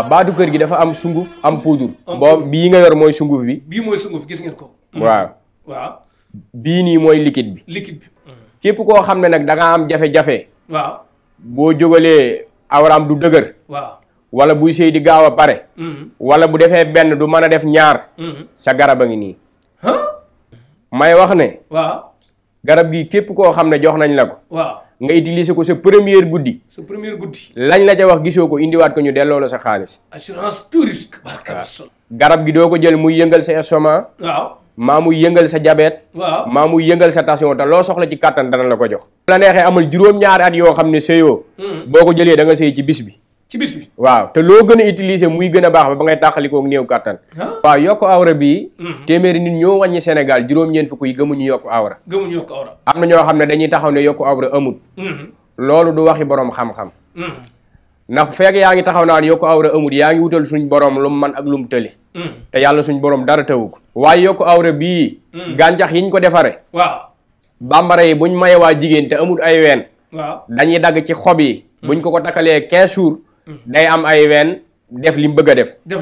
Abadu keur gi dafa am sunguf am poudre. bom bi nga yor moy sunguf bi. bi moy sunguf gis ngeen ko. waaw waaw. bi ni moy liquide bi. liquide bi. kep ko xamne nak da nga am jafe-jafe. waaw bo jógalee awram du deuguer waaw wala bu sey di gawa paré pare. Mm-hmm. wala bu defé ben du mën def ñaar. Mm-hmm. sa garab ngi ni nii. may wax né waaw. garab gi képp koo xam ne jox nañ la ko. waaw nga utiliser ko sa première guddi. sa première guddi. lañ la ca wax gisoo ko indiwaat ko ñu delloo la sa xaalis. assurance tout garab gi doo ko jël muy yëngal sa estomac. waaw maa mu yëngal sa jabeet waaw maa muy yëngal sa tension te loo soxla ci kàttan dana la ko jox. la neexee amal juróom-ñaari at yoo xam ne sëyoo. Hmm. boo ko jëlee da nga sëy ci bis bi. ci bi waaw te loo gën a utiliser muy gën a baax ba ba ngay tàqalikook néew kàttan waaw yokk awra bii hmm. téeméeri nit ñoo wàññi Sénégal juróom-ñeent fukk yi gëmuñu yokk awra gëmuñu yokk awra am na ñoo xam ne dañuy taxaw ne yokk awra amul hmm. loolu du waxi borom xam hmm. ndax fekk yaa ngi taxaw naan yokk awra amul yaa ngi wutal suñ borom lu mu man ak lu mu tëli te yàlla suñ borom dara tawu ko waaye yokk awra bii gàncax yiñ ko defare waaw bambara yi buñ maye waa jigéen te amul ay ween waaw dañuy dagg ci xob yi buñ ko ko takkalee quinze jours day am ay ween def li mu a def. a def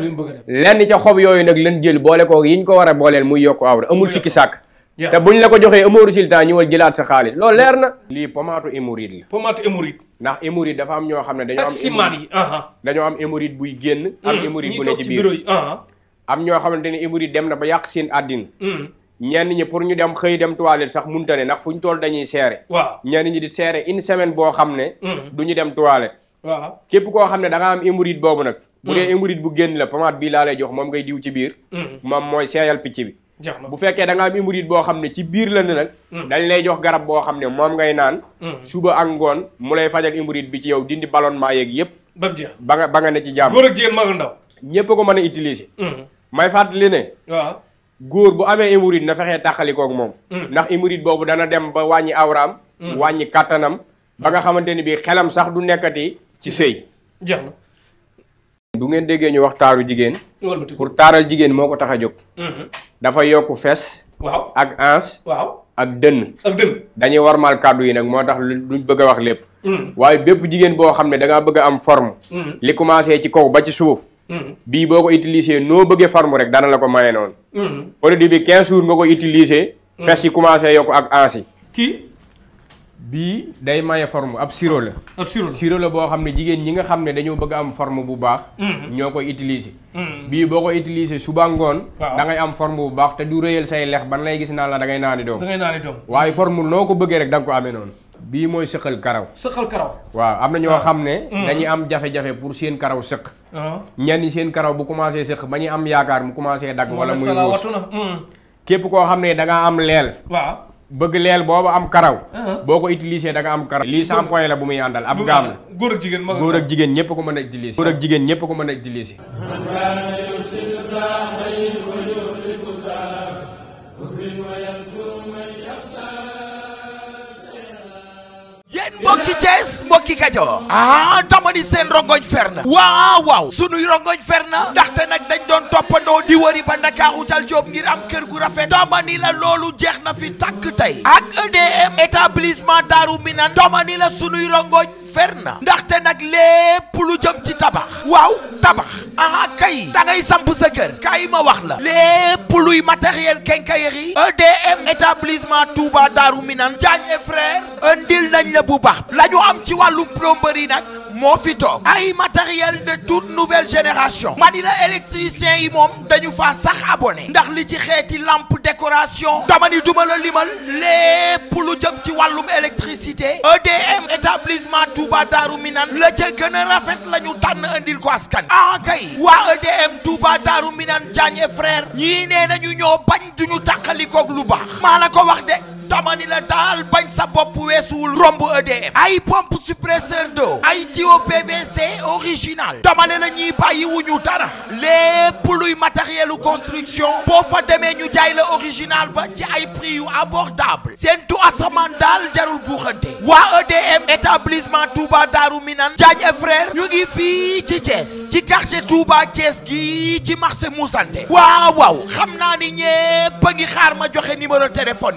lenn ca xob yooyu nag lan jël boole ko yiñ ko war a booleel muy yokku awra amul sikki sàkk. te buñ la ko joxee amoo résultat ñëwal jëlaat sa xaalis loolu leer na. lii pommade hémorroïde la. pommade hémorroïde. ndax hémorroïde dafa am ñoo xam ne dañoo am. taximaan yi dañoo am hémorroïde buy génn. am mm. hémorroïde bu ne ci biir am ñoo xamante ne hémorroïde dem na ba yàq seen àddina. Mm. ñenn ñi pour ñu dem xëy dem toilette sax munta ne ndax dañuy seere. waaw ñenn boo xam ne. Mm. du ñu dem toilette. waaw képp koo xam ne danga am hémorroïde boobu nag. bu dee hmm. hémorroïde bu génn la pommade bii laa lay jox moom ngay diw ci biir. Hmm. moom mooy seeyal picc bi. bu fekkee danga nga am hémorroïde boo xam ne ci biir la ne nag. Hmm. dañ lay jox garab boo xam ne moom ngay naan. suba ak ngoon mu lay fajal hémorroïde bi ci yow dindi ballonnement yeeg yëpp. ba ba nga ba nga ne ci jàmm. góor ak jigéen mag ndaw. ñëpp a ko mën a utiliser. may fàttali ne. waaw góor bu amee hémorroïde na fexee tàqalikoog moom. ndax hémorroïde boobu dana dem ba wàññi awraam. wàññi kattanam. ba nga xamante ni bii xelam sax du nekkati ci sëy jeex na. bu ngeen déggee ñu wax taaru jigéen. pour taaral jigéen moo ko tax a jóg. Mm-hmm. dafa yokk fes. ak ans. waaw ak dënn. ak dënn dañuy warmaal kàddu yi nag moo tax duñ bëgg a wax lépp. Mm-hmm. waaye bépp jigéen boo xam ne danga ngaa bëgg am forme. Mm-hmm. li commencé ci kaw ba ci suuf. bii boo ko utilisé noo bëggee forme rek dana la ko maye noonu. produit bi 15 nga ko utilisé. fes yi commencé yokk ak ans bii day maye forme ab sirop la. ab sirop la sirop la boo xam ne jigéen ñi nga xam ne dañoo bëgg am forme bu baax. Mhm. ñoo koy utiliser. Mhm. bii boo ko utiliser suba ngoon. da ngay am forme bu baax te du rëyal say lex ban lay gis naan la da ngay naani doom. da ngay waaye forme noo ko bëggee rek da nga ko amee noonu. bii mooy sëqal karaw. sëqal karaw. waaw am na ñoo xam ne. Mhm. dañuy am jafe-jafe pour seen karaw sëq. Uh-huh. ñenn ñi seen karaw bu commencé sëq ba ñu am yaakaar mu commencé dagg. wala muy muus képp koo xam ne da ngaa am leel. waaw bëgg leel boobu am karaw uh-huh. boo ko utiliser da nga am karaw lii shampoing la bu muy àndal ab gaam la góor ak jigéen góor jigéen ñëpp ko mën a utiliser góor ak jigéen ñëpp ko mën a utiliser leen mbokki Thiès mbokki Kajoor ah dama ni seen rongoñ fer na waaw waaw sunuy rongoñ fer na ndaxte nag dañ doon toppandoo di wëri ba Ndakaaru cal ngir am kër gu rafet dama la loolu jeex na fi tàkk tey ak EDM établissement Darou Minane dama la sunuy rongoñ Ferna, na ndaxte nag lépp lu jëm ci tabax waw tabax aha kay da ngay samp sa kër kay ma wax la lépp luy matériel quincaillerie EDM établissement Touba Darou Minan Diagne frère un nañ la bu baax la am ci walu plomberie nak mo fi ay matériel de toute nouvelle génération manila électricien yi mom dañu fa sax abonné ndax li ci lampe décoration dama ni duma la limal lépp lu jëm ci walum université EDM établissement Touba Darou Minane la ca gën a rafet la ñu tànn andil ko askan ah kay waa EDM Touba Darou Minane Diagne et frère ñii nee nañu ñoo bañ duñu tàqalikoog lu baax maa la ko wax de Tamanila dal la bañ sa de pompe suppresseur d'eau ay PVC original damale la ñi dara lepp luy construction bo fa démé ñu jaay original ba ci ay prix yu abordable sen tu est dal jarul Wa EDM établissement Touba Darou minan. frère ñu ngi fi ci Thiès ci quartier Touba Thiès gi ci marché Moussante waaw waaw ma numéro téléphone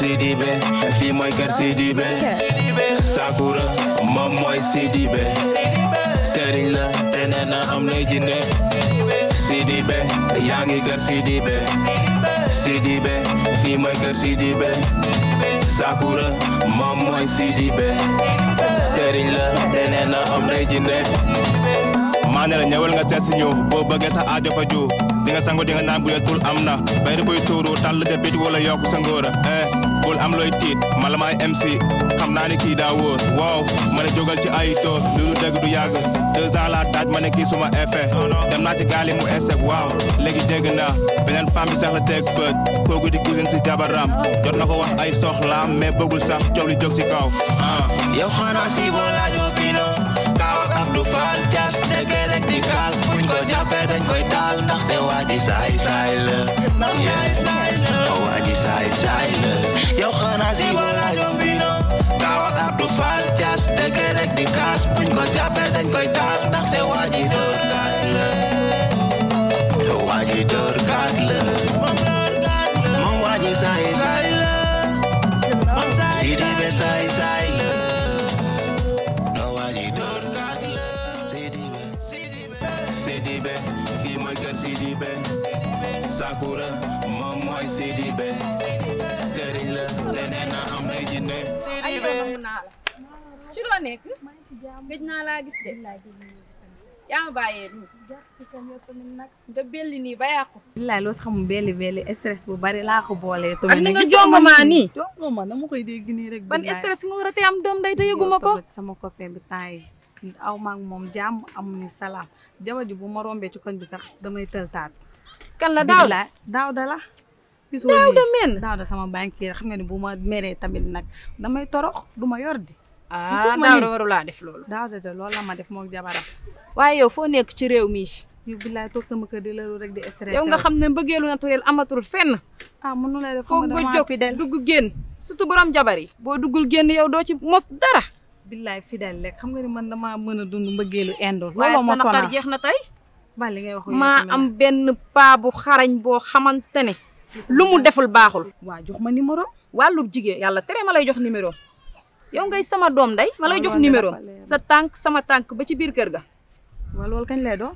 Sidibé fii mooy kër Sidibé Sakura moom mooy Sidibé sëriñ la na am na jinne Sidibé yaa ngi kër Sidibé Sidibé fii mooy kër na am na jinne maa nga seet ñu boo bëggee sa ju di nga sango di nga naan bu dee tul am na bayri buy tuuru tàll de bit wala yokk sa ngóor eh, bul am looy tiit mala maay MC xam naa ne kii daa wóor waaw ma ne jógal ci ay toor lu du dégg du yag deux ans laa taaj ma ne kii suma effet oh dem naa ci gaali mu esek waaw léegi dégg naa beneen femme bi sax la teg ko kooku di cousine si jabaram jot na ko wax ay soxlaam mais bëggul sax coow li jóg si kaw ah. yow xanaa si boo laajoo pino kaw ak Abdou Fall Dias sai sai lơ nắng hai sai lơ hầu a di sai sai lơ yau khana di wala yau bino kawak abdu fal jas degerek di kas pun ko jabe dan ko tal nak te waji dor kan lơ te waji dor kan lơ mong waji sai sai lơ si di be sai sai lơ CD back, CD back, feel my girl CD back. Sakura moom mooy Sidibé sëriñ la te nee na am na jinne Sidibé loo nekk gëj naa laa gis de yaa ma bàyyee bu bari laa ko boolee ak nga jongomaa nii jongoma na ma koy dégg nii rek ban stress nga war a tey am doom day te yëguma ko sama copain bi temps aw maag moom jàmm amuñu salaam jabar bu ma rombee ci bi sax damay tëltaat kan la daaw la daaw da la daw da men daw da sama banquier xam nga ne kan bu ma tamit nak damay torox duma yor di ah daw da waru la def loolu daw da da loolu la ma def mok jabaram waye yow fo nek ci rew mi yu billahi tok sama keur di la rek di stress yow nga xam ne mbëggeelu naturel amatul fenn ah munu lay def ko dama fi del dugg gen sutu borom jabar bo boo duggul génn yow do ci mos dara billahi fidel lek kan xam nga ni man dama mën a dund mbëggeelu indo looloo ma sonal jeex na tay Ma am ben pa bu xarañ bo xamantene lu mu deful baxul wa jox ma numéro. walu jigéen yalla téré ma lay jox numéro yow ngay sama dom day ma lay jox numéro sa tank sama tank, ba ci bir kër ga. waaw loolu kagn lay do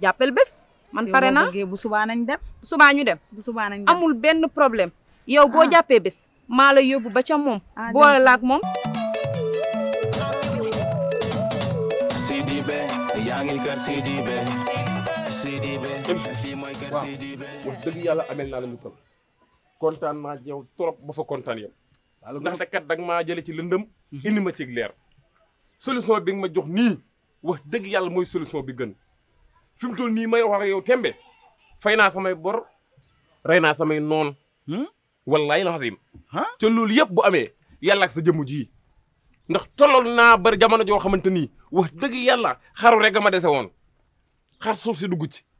jappel bes man pare bu suba nañ dem. suba ñu dem. bu suba nañ amul ben problème. yow bo ah. jappé bes maa la yóbbu ba ca mom ah, bo la ak waaw wax dëgg yàlla amel naa la lu tëb kontaan naa yow trop ba fa kontaan yow. ndaxte dagg maa jële ci lëndëm. Mhm. indi ma ci leer. solution bi nga ma jox nii wax dëgg yàlla mooy solution bi gën fi mu toll nii may wax ak yow tembe fay naa samay bor rey naa samay noon hmm? wallaay la xasim te loolu yëpp bu amee yàlla ak sa jëmm ji ndax tolloon naa bari jamono joo xamante ni wax dëgg yàlla xaru rek a ma dese woon xar suuf si dugg ci.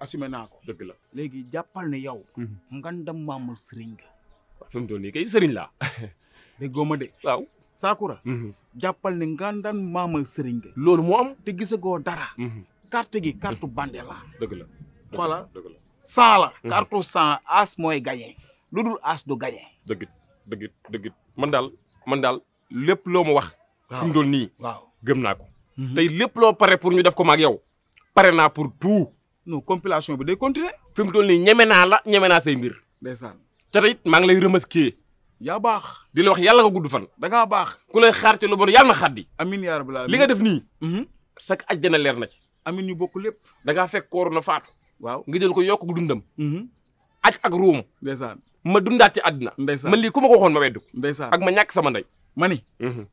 assumé naa ko dëgg la léegi jàppal ne yow mhm. ngan dem maamul sëriñ ga fi mu toll nii kay sëriñ laa déggoo ma de waaw Sakura mhm. jàppal ne ngandam maamal sëriñ ga loolu moo am te gisagoo dara mhm. carte gi carte bande la dëgg la voilà dëgg la cent la carte cent as mooy gagné lu as do gagné dëggit dëggit dëggit man daal man daal lépp loo ma wax fi mu toll nii waaw gëm naa ko tey lépp loo pare pour ñu def ko maag yow pare naa pour tout non compilation bi day continuer fi mu toll nii ñeme naa la ñeme naa say mbir. ndeysaan te it maa ngi lay remercier. yaa baax di la wax yalla nga gudd fan. da ngaa baax ku lay xaar ci lu bon yàlla na xaddi. amiin yaa rabbal aalamiin li nga def nii. sak mhm. ajjana leer na ci. amiin ñu bokk lépp. da ngaa fekk kooru na faatu. waaw nga jël ko yokk dundam. Mhm. aj ak ruum. ndeysaan ma dundaat ci àddina. ma man lii ko ma ko waxoon ma weddu. ndeysaan ak ma ñàkk sama ndey. ma ni. Mhm.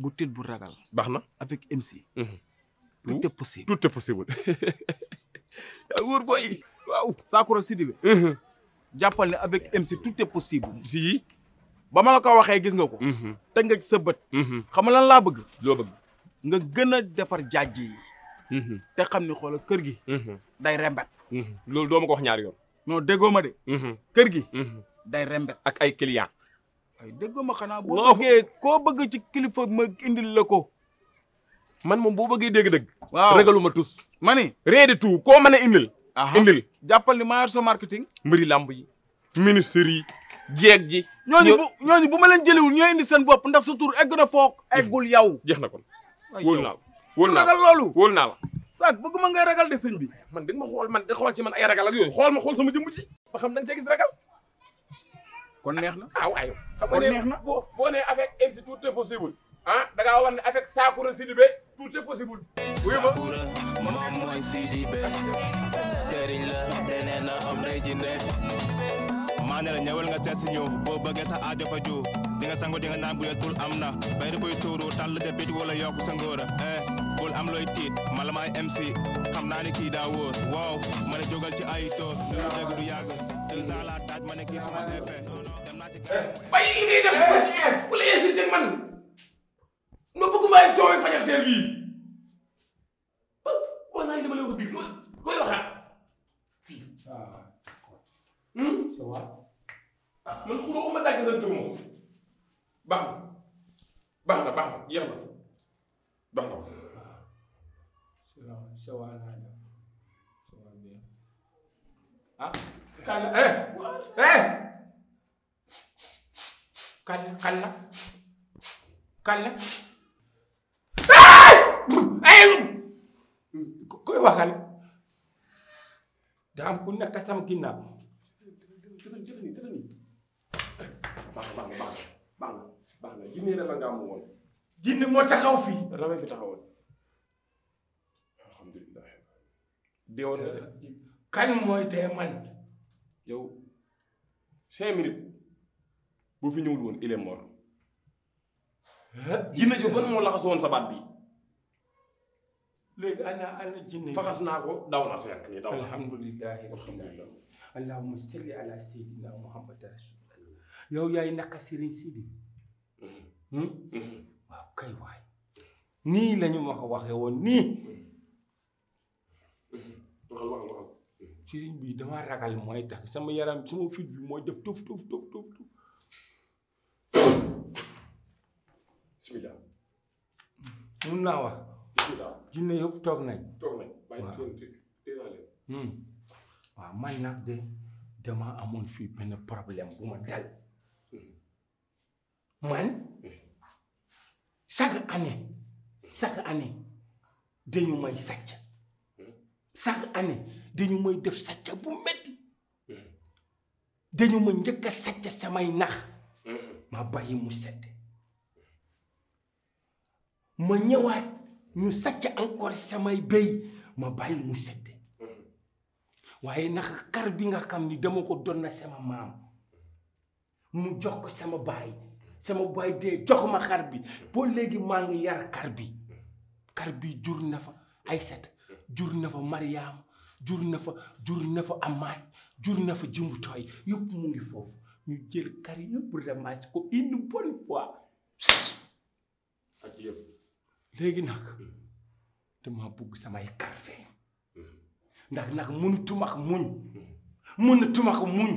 bu tëj ragal. baax na avec MC. tout est possible. yaa wóor booy waaw Sakura Sidibé mhm. jàppal ne avec MC tout est possible si ba ma la ko waxee gis nga ko mhm. teg nga sa bët mhm. xam nga lan laa bëgg loo bëgg nga gën a defar jaaj yi te xam ni xoola kër gi day rembet loolu doo ma ko wax ñaari yoon non déggoo ma de kër gi day rembet ak ay client ay déggoo ma xanaa boo bëggee koo bëgg ci kilifa ma indil la ko man mom bo beugé dégg-dégg. waaw ragaluma tus. ma ni tout ko mané indil. indil jappal ni maa yor marketing. mbiri lamb yi ministère yi jeeg ji. ñoñu ñoñu buma bu ma leen jëliwul indi sen bop ndax sa tour egg na fook eggul yaw jeex na kon wol na wol na ragal lolu wol na la. saak bëgg ma ngay ragal de sëñ bi. man danga ma xol man da xol ci man ay ragal ak yoy xol ma xol sama jëm ci ba xam da ci gis ragal. kon neex na ah waaw. kon neex na bo nga ne avec est tout est possible. ah da nga wone ne avec Sakura Sidibé tout est possible. Oui, bon. Maman, ici, d'Ibé. Manel, nyawel nga sét ya, ya, eh, ya, eh, si ñëw boo bëggee sa a fa ju di nga sangu di nga naan bu tul amna bay bayri koy tuuru tal de bit wala yok sa ngora eh bul am loy tit mala may MC xamna ni ki da wóor wow mané jogal ci ay to du dégg du yàgg deux ans laa taaj ma ne kii suma effet dem na ci bay ni def ko ñe bu la ci man non bëggumaay cooy fajarteel bii walaay dama lay wax biir looy looy waxaat fii. Hmm? ah man xuloo ma dàgg lan tëw baax na baax na baax na yéex na baax na. ah. Kalla eh eh. eh! Kalla Kalla Kalla. koy waxal daa am ku nekk sama ginnaaw baax na jinne moo taxaw fii rabe bi taxawoon alhamdulilah deewoon na kan mooy dee man yow cinq minutes boo fi ñëwul woon il est jinne jo ban moo laxas woon sa baat bi ليه انا انا الجني فقط ناقو داونا فيك ني داونا الحمد لله والحمد لله اللهم صل على سيدنا محمد رسول الله يو ياي نك سيرين سيدي هم واه كاي واي ني لا نيو ماخا واخي وون ني دخل واخا واخا سيرين بي دا ما راغال موي تاخ سما يارام سما فيت بي موي دف توف توف توف توف بسم الله من ناوه jinne yëpp toog hmm. man nag de dama amoon fii benn problème bu ma dal hmm. man hmm. chaque année chaque année dañu may sàcc chaque année dañu may def sàcc bu metti dañu ma njëkk a samay nax ma bàyyi mu sedd ma ñëwaat. ñu sàcc encore samay béy ma bàyyi mu sedd waaye nag kar bi nga xam ni dama ko doon na sama maam mu jox ko sama baay sama baay dee jox ma xar bi ba léegi maa ngi yar kar bi kar bi jur na fa Aysat jur na fa Mariam jur na jur na fa Amaat jur na fa jumbu mu ngi foofu ñu jël kar yëpp ramas ko une bonne fois. léegi nag dama bugg samay carfé ndax nak mënutuma ak muñ mënutuma ak muñ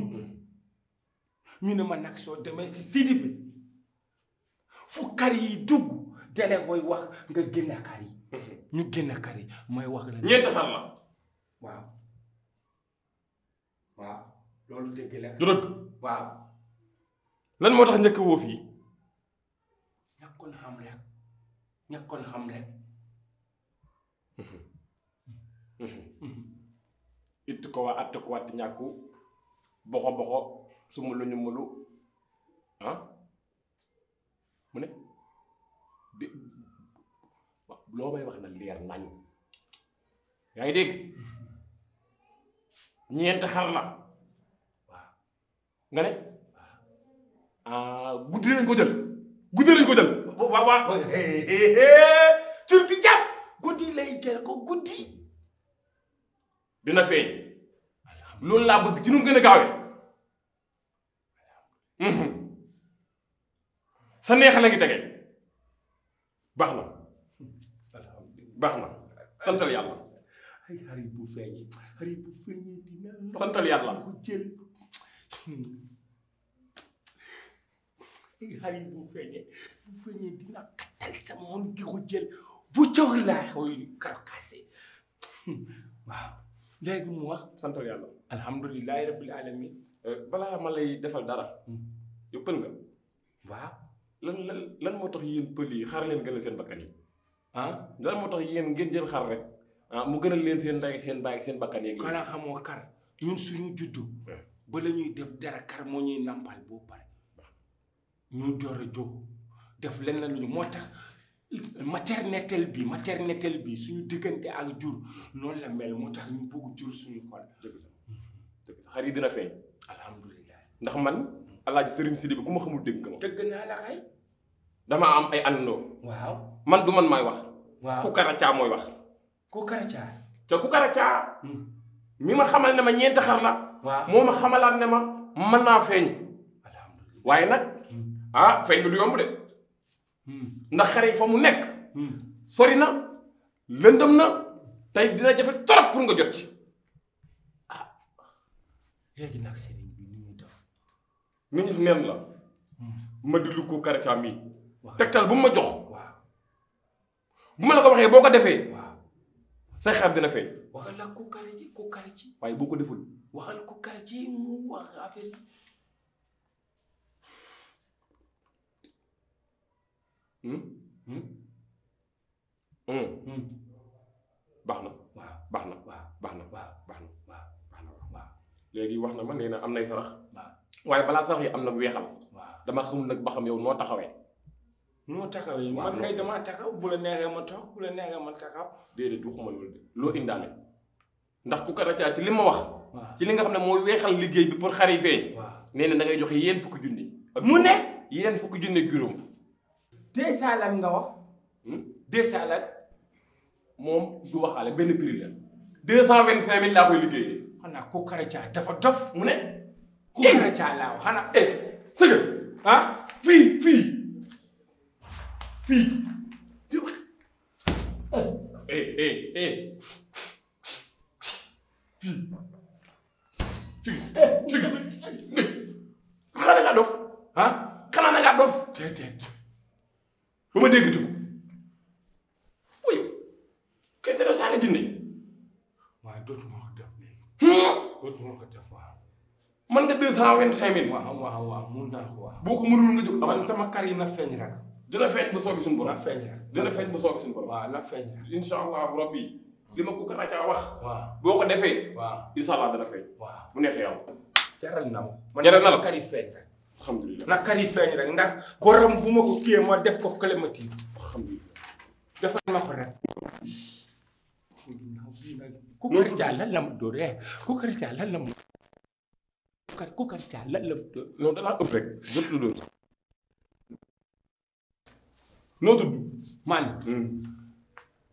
ñu ne ma nak so demee ci sidi bi fu kar yi dugg délé koy wax nga génn kar yi ñu hmm. génn kar yi may wax la ñeent taxal ma waaw waaw lolu dëgg la du dëgg waaw lan moo tax njëkk woo fii ñàkkoon xam rek ñakkon xam rek it ko wa atte ko wat ñakku boxo boxo sumulu ñu mulu han mune ne di loo may wax na leer nañ yaa deg ñent xar la nga ne ah guddi lañ ko jël guddi lañ ko jël. waaw guddi lay jël ko guddi. dina feeñ loolu laa bëgg ci nu mu gën a gaawee mhm. sa neex ngi tege baax na baax na santal yàlla santal yàlla hali bu feeñee bu feeñee dina kattal sama woon gi ko jël bu jox laa koy karakaase waaw léegi mu wax santal yàlla alhamdulilahi rabbil alamin euh, balaa ma lay defal dara hmm. yow pël nga waaw lan lan lan moo tax yéen pël yi xar leen gën a seen bakkan yi ah lan moo jël xar rek ah, mu gën a leen seen ndey seen baay seen bakkan yeeg yi xanaa xamoo kar ñun suñu juddu eh. ba la ñuy def dara kar moo ñuy nampal boo pare ñu door a jóg def leneen lu ñu moo tax maternité bi maternité bi suñu diggante ak jur noonu la mel moo tax ñu bëgg jur suñu xol. dëgg xar yi dina feeñ. alhamdulilah ndax man. alaaji sëriñ Sidi bi ku ma xamul dégg nga ma. dëgg naa la dama am ay àndandoo. man du man maay wax. waaw ku karacaa mooy wax. ku karacaa. te ku karacaa. Hmm. mi ma xamal ne ma ñeenti xar la. waaw moo ma xamalaat ne ma man naa feeñ. waaye nag. ah feeñ bi du yomb de hmm. ndax xare yi fa mu nekk hmm. sori na lëndëm na tey dina jafe torop pour nga jot ci ah léegi nag sëriñ def nu hmm. ma di lu ko karata mi tegtal bu mu ma jox bu ma la ko waxee boo ko defee say xaar dina feeñ waxal la ko kare ci ko kare ci waaye boo ko deful waxal ko kare ci mu wax affaire Hmm? Hmm? Hmm. baax na. waaw baax na. waaw baax na waaw baax na waaw baax na waaw. léegi wax na ma nee na am nay sarax. waaye balaa sarax yi am na weexal. dama xamul nag ba xam yow noo taxawee. noo taxawee man kay damaa taxaw bu la neexee ma toog bu la neexee ma taxaw. déedéet waxuma loolu de loo indaale. ndax ku karacaa ci li ma wax. ci li nga xam ne mooy weexal liggéey bi pour xarifee. nee dangay da joxe yéen fukki junni. mu ne yéen fukki junni juróom. desaalan Je 000. desaalan moom du waxaale 225 prix la deux cent vingt cinq mille laa chat ne ku Hein Fi, fi Fi eh eh eh eh nga dof ah? nga dof ba ma dégg dugg gitu. wuyu kay dara saa la dindi waaye dootuma ko def dootuma hmm? ko def waaw man nga deux cent vingt cinq mille waaw waaw waaw mun naa ko waaw boo ko mënul nga jóg man sama kar yi na feeñ rek dina feeñ bu soobi suñu borom na feeñ rek dina feeñ bu soobi suñu borom waaw na feeñ rek insha allahu rabbi li ma ko karacaa wax waaw boo ko defee waaw insha allah dana feeñ waaw mu neexee yow jaral na ma man jaral na la kar yi feeñ rek alhamdulilah naka yi feeñ rek ndax borom bu ma ko kiyee ma def ko clématique. alhamdulilah defal ma ko rek. ku kër Thiala la mu dooree eh. ku kër Thiala la mu. ku kër Thiala la rek noo tudd man. Hmm.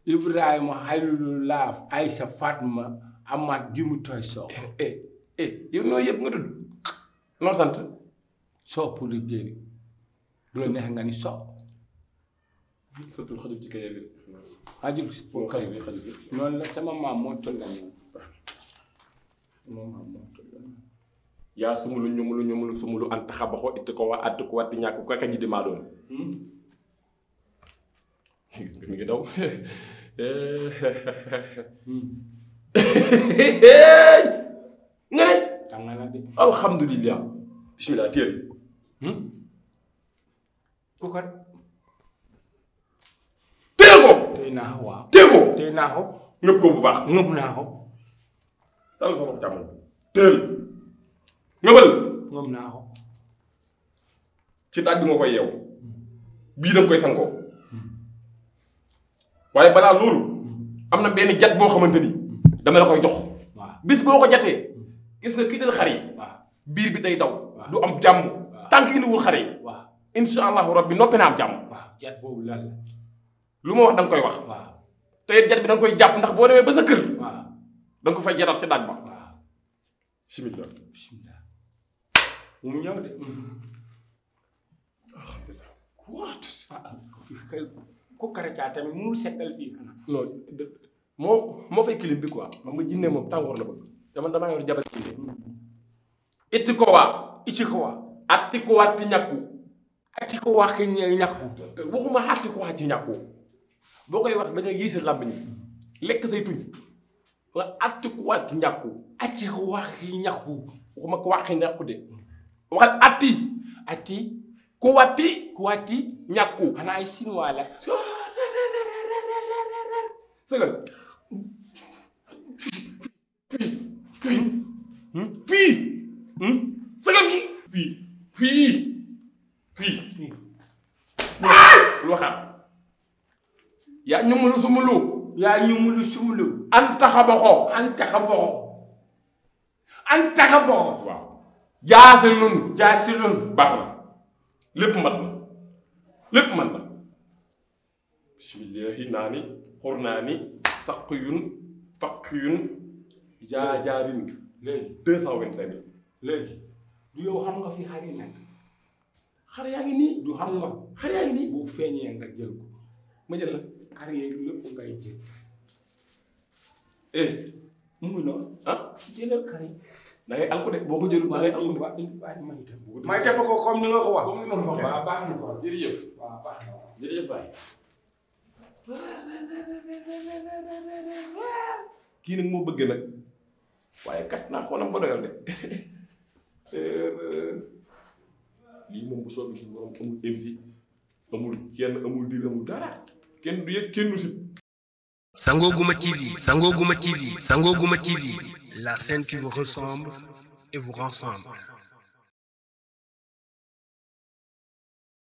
Ibrahima Xalilu Laaf Aïssa Fatma Amath Jimi Toy Sox. Eh, eh eh yow yëpp nga tudd noo sant. so pour jeri du ne hangani so satul xadim ci kayé bi ajib ko kayé bi xadim non la sama mam mo tollan mo mam mo tollan ya sumulu ñumulu ñumulu sumulu an taxabaxo it ko wa ad ko wat ñak ko ka jidi ma doon gis ngi daw ngene alhamdulillah bismillah téye bi ku ko ko téye naa ko waaw ko téye naa ko ngëpp ko bu baax ngëpp naa ko tal sama càmmoñ téyel ngëbal ngëpp naa ko ci tàgg nga koy yeew bii danga koy sankoo waaye balaa loolu am na benn jat boo xamante ni dama la koy jox bis boo ko jatee gis nga kii xar yi biir bi day daw du am jàmm tànk indiwul xare yi insha allahu rabbi noppi na am jàmm jat boobu la lu ma wax danga koy wax te jat bi da koy jàpp ndax boo demee ba sa kër da ko fay jaral ci daaj ba bismillah bismillah mu ñëw de alhamdulilah mhm. ah. ku karacaa tamit mënul seetal fii non moo moo fay kilim bi quoi xam nga jinne moom tàngoor la bëgg dama damaa yor jabar jinne mhm. itti ko waa ichikuwa atikuwa ti ñàkku atikuwa ki ñàkku waxuma atikuwa ci ñàkku boo koy wax da nga yéesal làmmiñ lekk say tuñ wa atikuwa ti ñàkku atikuwa ki ñàkku waxuma ko waxi ñàkku de waxal ati ati ku wati ku wati ñàkku xanaa ay sinuwaa la sëgal 야유물로 숨을 안 따가버거 안 따가버거 안 따가버거 waaw jaasal noonu jaasal baax na lépp mat na lépp man na bismillahi naa ni xur naa saq yun faq yun jaajaarin léegi deux cent vingt léegi du yow xam nga si xar yi nekk ngi nii du xam nga xar ngi nii bu feeñee nga jël ko arrière eh, ah? ko def boo ko jël kii nag moo bëgg nag waaye kat naa xoonam ba doyal de lii moom bu soobee suñu borom amul MC amul kenn amul diir amul dara Sango du TV, Sango du Sangoguma TV, Sangoguma TV, TV, la scène qui vous ressemble et vous rassemble.